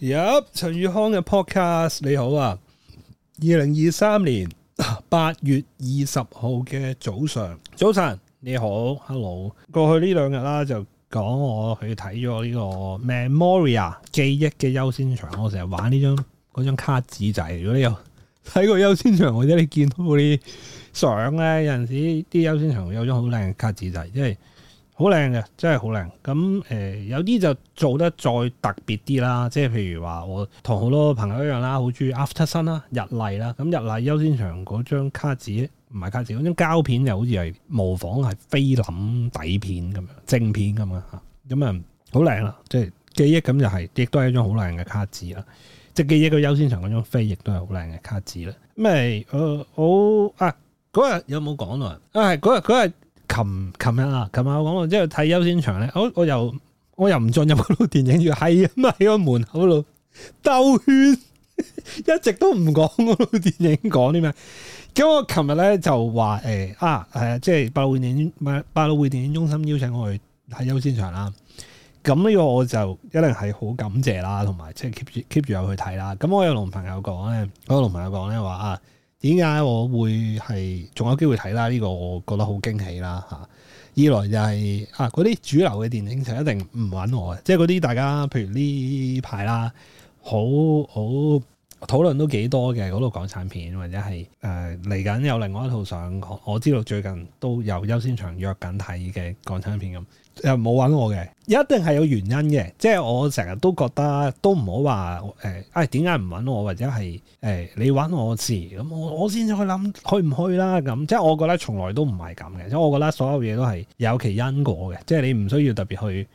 入、yep, 陳宇康嘅 podcast，你好啊！二零二三年八月二十號嘅早上，早晨你好，Hello。過去呢兩日啦，就講我去睇咗呢個 Memoria 記憶嘅優先場，我成日玩呢張嗰張卡紙仔。如果你有睇過優先場，或者你見到嗰啲相咧，有陣時啲優先場有張好靚嘅卡紙仔，即係。好靚嘅，真係好靚。咁誒、呃，有啲就做得再特別啲啦。即係譬如話，我同好多朋友一樣啦，好中意 Aftersun 啦、日麗啦。咁日麗優先場嗰張卡紙唔係卡紙，嗰張膠片就好似係模仿係菲林底片咁樣，正片咁樣吓。咁、嗯、啊，好靚啦，即係記憶咁就係、是，亦都係一張好靚嘅卡紙啦。即係記憶佢優先場嗰張飛，亦都係好靚嘅卡紙啦。咁誒，誒好啊，嗰日有冇講啊？啊日、啊、日。琴琴日啊，琴日我講完之後睇優先場咧，我又我又我又唔進入嗰套電影，係啊嘛，喺個門口度兜圈，一直都唔講嗰套電影，講啲咩？咁我琴日咧就話誒、哎、啊，係啊，即係百老匯電影百老匯電影中心邀請我去睇優先場啦。咁呢個我就一定係好感謝啦，同埋即係 keep 住 keep 住有去睇啦。咁我又同朋友講咧，我同朋友講咧話啊。點解我會係仲有機會睇啦？呢，這個我覺得好驚喜啦嚇！二來就係，是，啊，嗰啲主流嘅電影就一定唔搵我，即係嗰啲大家譬如呢排啦，好好，討論都幾多嘅嗰套港產片，或者係誒嚟緊有另外一套上，我知道最近都有優先場約緊睇嘅港產片咁，又冇揾我嘅，一定係有原因嘅。即係我成日都覺得都唔好話誒，啊，點解唔揾我或者係誒、哎、你揾我次咁，我我先至去諗去唔去啦咁。即係我覺得從來都唔係咁嘅，即係我覺得所有嘢都係有其因果嘅，即係你唔需要特別去。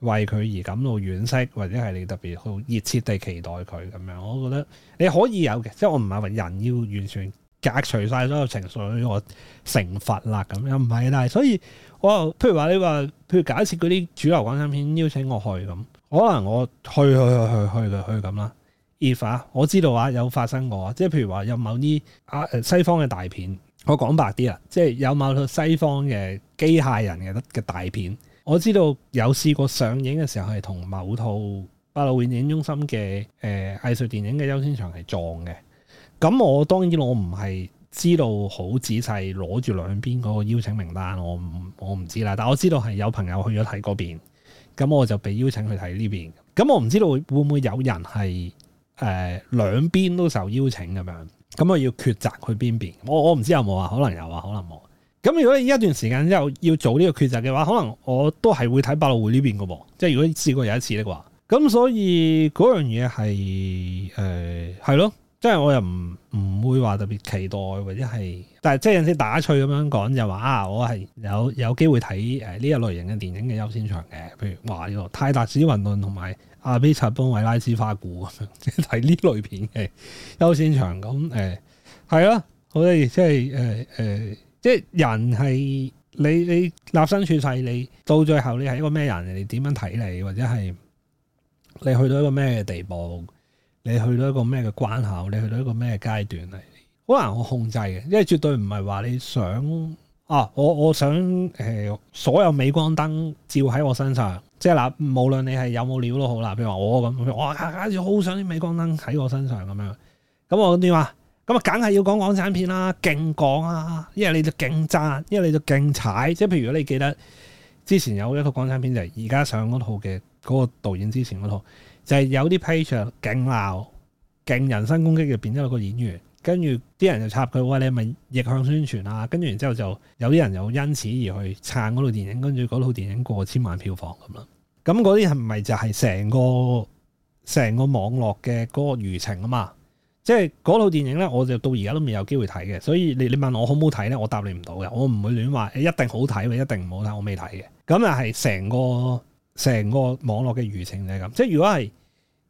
為佢而感到惋惜，或者係你特別好熱切地期待佢咁樣，我覺得你可以有嘅。即係我唔係話人要完全隔除晒所有情緒，我懲罰啦咁樣唔係。但係所以我譬如話你話，譬如假設嗰啲主流港產片邀請我去咁，可能我去去去去去去咁啦。If 啊，我知道啊有發生過啊，即係譬如話有某啲啊西方嘅大片，我講白啲啊，即係有某個西方嘅機械人嘅嘅大片。我知道有試過上映嘅時候係同某套百老匯電影中心嘅誒、呃、藝術電影嘅優先場係撞嘅。咁我當然我唔係知道好仔細攞住兩邊嗰個邀請名單，我唔我唔知啦。但我知道係有朋友去咗睇嗰邊，咁我就被邀請去睇呢邊。咁我唔知道會唔會有人係誒、呃、兩邊都受邀請咁樣，咁我要抉擇去邊邊。我我唔知道有冇啊，可能有啊，可能冇。咁如果呢一段時間之後要做呢個抉擇嘅話，可能我都係會睇《百老匯》呢邊嘅喎。即係如果試過有一次嘅話，咁所以嗰樣嘢係誒係咯，即係我又唔唔會話特別期待或者係，但係即係有陣時打趣咁樣講就話啊，我係有有機會睇呢一類型嘅電影嘅優先場嘅，譬如話呢、這個《泰達史雲頓》同埋《阿彼察邦韋拉斯花古》咁樣，即係睇呢類片嘅優先場咁誒，係、呃、咯，好得意即係即係人係你你立身處世，你到最後你係一個咩人？人哋點樣睇你？或者係你去到一個咩地步？你去到一個咩嘅關口？你去到一個咩階段嚟？好難我控制嘅，因為絕對唔係話你想啊，我我想誒、呃，所有鎂光燈照喺我身上。即係嗱，無論你係有冇料都好啦。譬如話我咁，我好想啲鎂光燈喺我身上咁樣。咁我點話？咁啊，梗係要講港產片啦，勁講啊，因為你就勁贊，因為你就勁踩。即係譬如如果你記得之前有一套港產片，就係而家上嗰套嘅嗰個導演之前嗰套，就係、是、有啲 page 勁鬧，勁人身攻擊，入邊都有個演員，跟住啲人就插佢話你係咪逆向宣傳啊？跟住然之後就有啲人又因此而去撐嗰套電影，跟住嗰套電影過千萬票房咁啦。咁嗰啲係咪就係成個成個網絡嘅嗰個輿情啊嘛？即係嗰套電影呢，我就到而家都未有機會睇嘅，所以你你問我好唔好睇呢？我答你唔到嘅，我唔會亂話、欸，一定好睇，一定唔好睇，我未睇嘅。咁又係成個成個網絡嘅輿情就係咁，即係如果係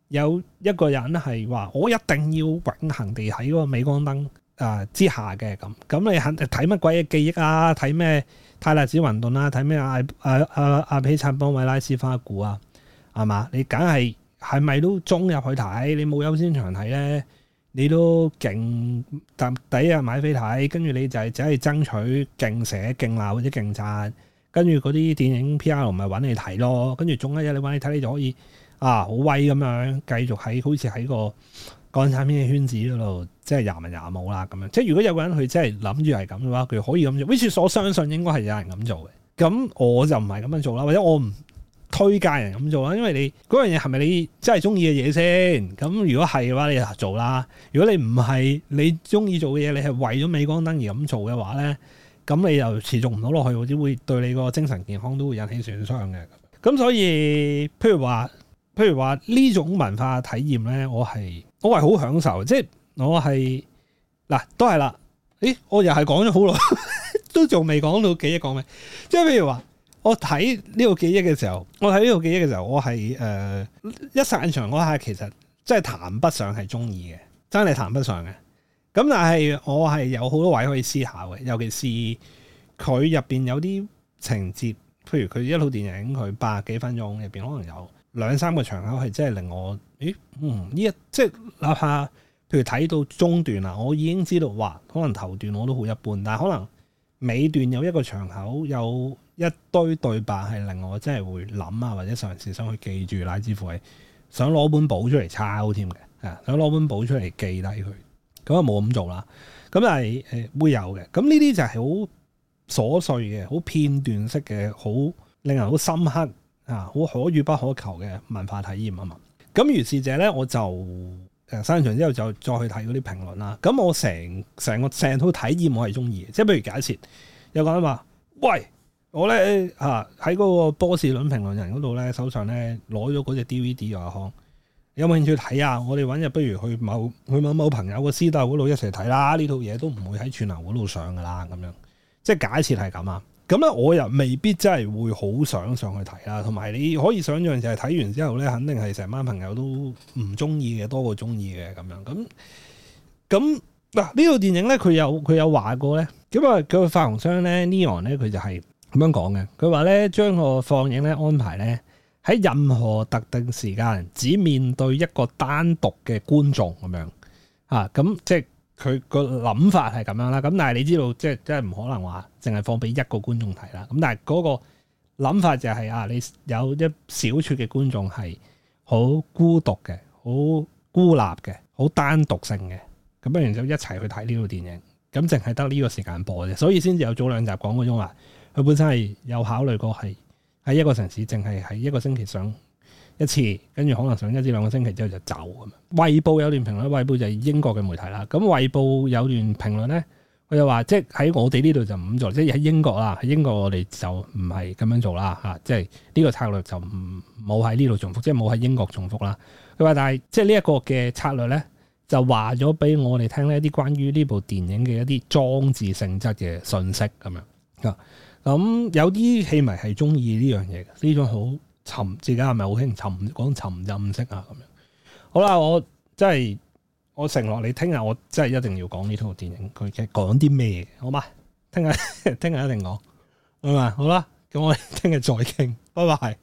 有一個人係話我一定要永恆地喺個鎂光燈啊、呃、之下嘅咁，咁你肯睇乜鬼嘅記憶啊？睇咩泰達史雲頓啊？睇咩阿阿阿阿，阿彼察邦韋拉斯花古啊？係嘛？你梗係係咪都中入去睇？你冇優先場睇呢？你都勁，第第一日買飛睇，跟住你就係只係爭取勁寫、勁鬧或者勁讚，跟住嗰啲電影 P R 唔係揾你睇咯，跟住仲一嘢你揾你睇，你就可以啊好威咁樣，繼續喺好似喺個港產片嘅圈子嗰度，即係廿文廿武啦咁樣。即係如果有個人佢真係諗住係咁嘅話，佢可以咁做。Which is, 我所相信應該係有人咁做嘅，咁我就唔係咁樣做啦，或者我唔。推介人咁做啊，因為你嗰樣嘢係咪你真係中意嘅嘢先？咁如果係嘅話，你就做啦。如果你唔係你中意做嘅嘢，你係為咗美光燈而咁做嘅話咧，咁你又持續唔到落去，或者會對你個精神健康都會引起損傷嘅。咁所以，譬如話，譬如話呢種文化體驗咧，我係我係好享受，即係我係嗱，啊，都係啦。咦，我又係講咗好耐， 都仲未講到幾日講咩？即係譬如話。我睇呢個記憶嘅時候，我睇呢個記憶嘅時候，我係誒、呃、一散場嗰下，其實真係談不上係中意嘅，真係談不上嘅。咁但係我係有好多位可以思考嘅，尤其是佢入邊有啲情節，譬如佢一套電影，佢百幾分鐘入邊可能有兩三個場口係真係令我，咦，嗯，呢一即係立下，譬如睇到中段啦，我已經知道，哇，可能頭段我都好一般，但係可能尾段有一個場口有。一堆對白係令我真係會諗啊，或者嘗試想去記住，乃至乎係想攞本簿出嚟抄添嘅，啊想攞本簿出嚟記低佢，咁啊冇咁做啦，咁但係誒、呃、會有嘅，咁呢啲就係好瑣碎嘅，好片段式嘅，好令人好深刻啊，好可遇不可求嘅文化體驗啊嘛。咁如是者咧，我就誒散完場之後就再去睇嗰啲評論啦。咁我成成個成套體驗我係中意嘅，即係譬如假設有個人話，喂～我咧喺嗰個波士頓評論人嗰度咧，手上咧攞咗嗰隻 D V D 阿康，DVD，有，有興趣睇啊？我哋搵日不如去某去某某朋友個私竇嗰度一齊睇啦！呢套嘢都唔會喺串流館度上噶啦，咁樣即係假設係咁啊！咁咧我又未必真係會好想上去睇啦，同埋你可以想象就係睇完之後咧，肯定係成班朋友都唔中意嘅多過中意嘅咁樣咁咁嗱，呢套電影咧，佢有佢有話過咧，咁啊佢個發行商咧 Neon 咧佢就係、是。咁樣講嘅，佢話咧將個放映咧安排咧喺任何特定時間，只面對一個單獨嘅觀眾咁樣啊。咁、嗯、即係佢個諗法係咁樣啦。咁但係你知道，即係即係唔可能話淨係放俾一個觀眾睇啦。咁但係嗰個諗法就係、是、啊，你有一小撮嘅觀眾係好孤獨嘅、好孤立嘅、好單獨性嘅，咁不如就一齊去睇呢套電影。咁淨係得呢個時間播啫，所以先至有早兩集講嗰種話。佢本身係有考慮過，係喺一個城市，淨係喺一個星期上一次，跟住可能上一至兩個星期之後就走咁樣。《衛報》有段評論，《衛報》就係英國嘅媒體啦。咁《衛報》有段評論咧，佢就話，即係喺我哋呢度就唔做，即係喺英國啦，喺英國我哋就唔係咁樣做啦嚇。即係呢個策略就唔冇喺呢度重複，即係冇喺英國重複啦。佢話，但係即係呢一個嘅策略咧，就話咗俾我哋聽呢一啲關於呢部電影嘅一啲裝置性質嘅信息咁樣啊。咁有啲戲迷係中意呢樣嘢嘅，呢種好沉，自己係咪好興沉？講沉浸式啊咁樣，好啦，我即係我承諾你，聽日我即係一定要講呢套電影，佢嘅講啲咩嘢，好嘛？聽日聽日一定講，明嘛？好啦，咁我聽日再傾，拜拜。